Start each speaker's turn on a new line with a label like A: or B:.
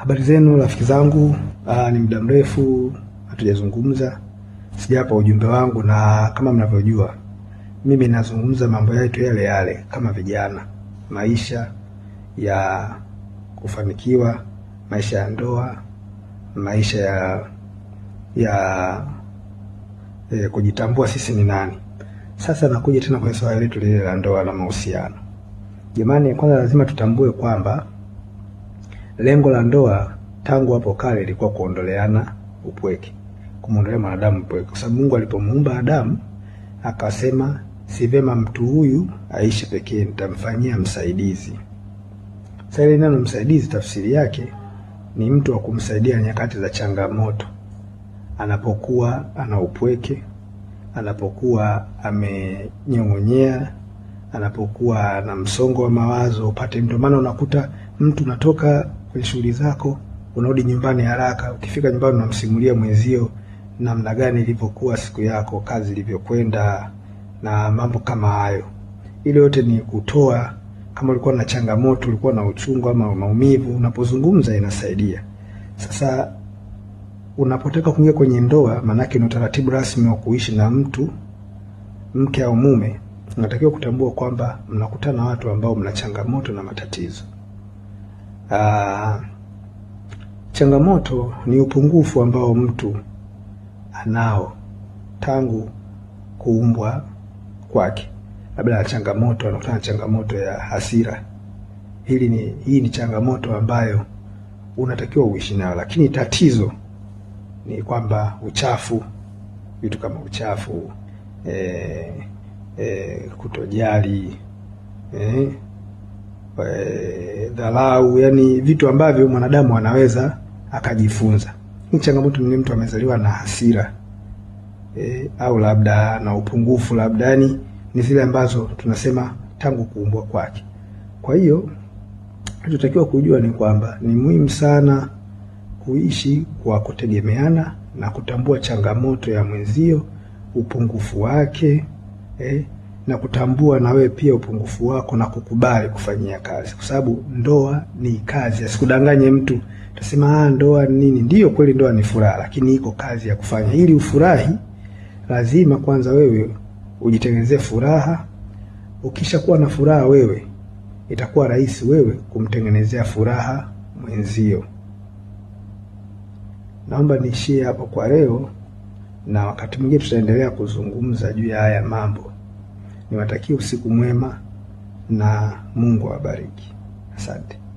A: Habari zenu rafiki zangu, ah, ni muda mrefu hatujazungumza, sijapa ujumbe wangu, na kama mnavyojua mimi nazungumza mambo yetu yale yale kama vijana, maisha ya kufanikiwa, maisha ya ndoa, maisha ya ya e, kujitambua sisi ni nani. Sasa nakuja tena kwenye swali letu lile la ndoa na mahusiano. Jamani, kwanza lazima tutambue kwamba Lengo la ndoa tangu hapo kale ilikuwa kuondoleana upweke, kumwondolea mwanadamu upweke, kwa sababu Mungu alipomuumba Adamu akasema si vema mtu huyu aishi pekee, nitamfanyia msaidizi. Sasa ile neno msaidizi, tafsiri yake ni mtu wa kumsaidia nyakati za changamoto, anapokuwa ana upweke, anapokuwa amenyong'onyea, anapokuwa na msongo wa mawazo upate. Ndio maana unakuta mtu natoka kwenye shughuli zako, unarudi nyumbani haraka. Ukifika nyumbani, unamsimulia mwenzio namna gani ilivyokuwa siku yako, kazi ilivyokwenda na mambo kama hayo. Ile yote ni kutoa, kama ulikuwa na changamoto, ulikuwa na uchungu ama maumivu, unapozungumza inasaidia. Sasa unapotaka kuingia kwenye ndoa, maanake ni utaratibu rasmi wa kuishi na mtu, mke au mume, unatakiwa kutambua kwamba mnakutana watu ambao mna changamoto na matatizo. Aa, ah, changamoto ni upungufu ambao mtu anao tangu kuumbwa kwake, labda na changamoto anakutana na changamoto ya hasira. Hili ni hii ni changamoto ambayo unatakiwa uishi nayo, lakini tatizo ni kwamba uchafu, vitu kama uchafu, eh, eh, kutojali eh, Eh, dharau, yani vitu ambavyo mwanadamu anaweza akajifunza. Ni changamoto nyingine, mtu amezaliwa na hasira e, au labda na upungufu labda, yani ni zile ambazo tunasema tangu kuumbwa kwake. Kwa hiyo tunatakiwa kujua ni kwamba ni muhimu sana kuishi kwa kutegemeana na kutambua changamoto ya mwenzio, upungufu wake eh, na kutambua na wewe pia upungufu wako na kukubali kufanyia kazi, kwa sababu ndoa ni kazi. Asikudanganye mtu tasema ah, ndoa ni nini. Ndiyo kweli ndoa ni furaha, lakini iko kazi ya kufanya. Ili ufurahi, lazima kwanza wewe ujitengenezee furaha. Ukishakuwa na furaha wewe, itakuwa rahisi wewe kumtengenezea furaha mwenzio. Naomba niishie hapo kwa leo, na wakati mwingine tutaendelea kuzungumza juu ya haya mambo. Niwatakie usiku mwema na Mungu awabariki. Asante.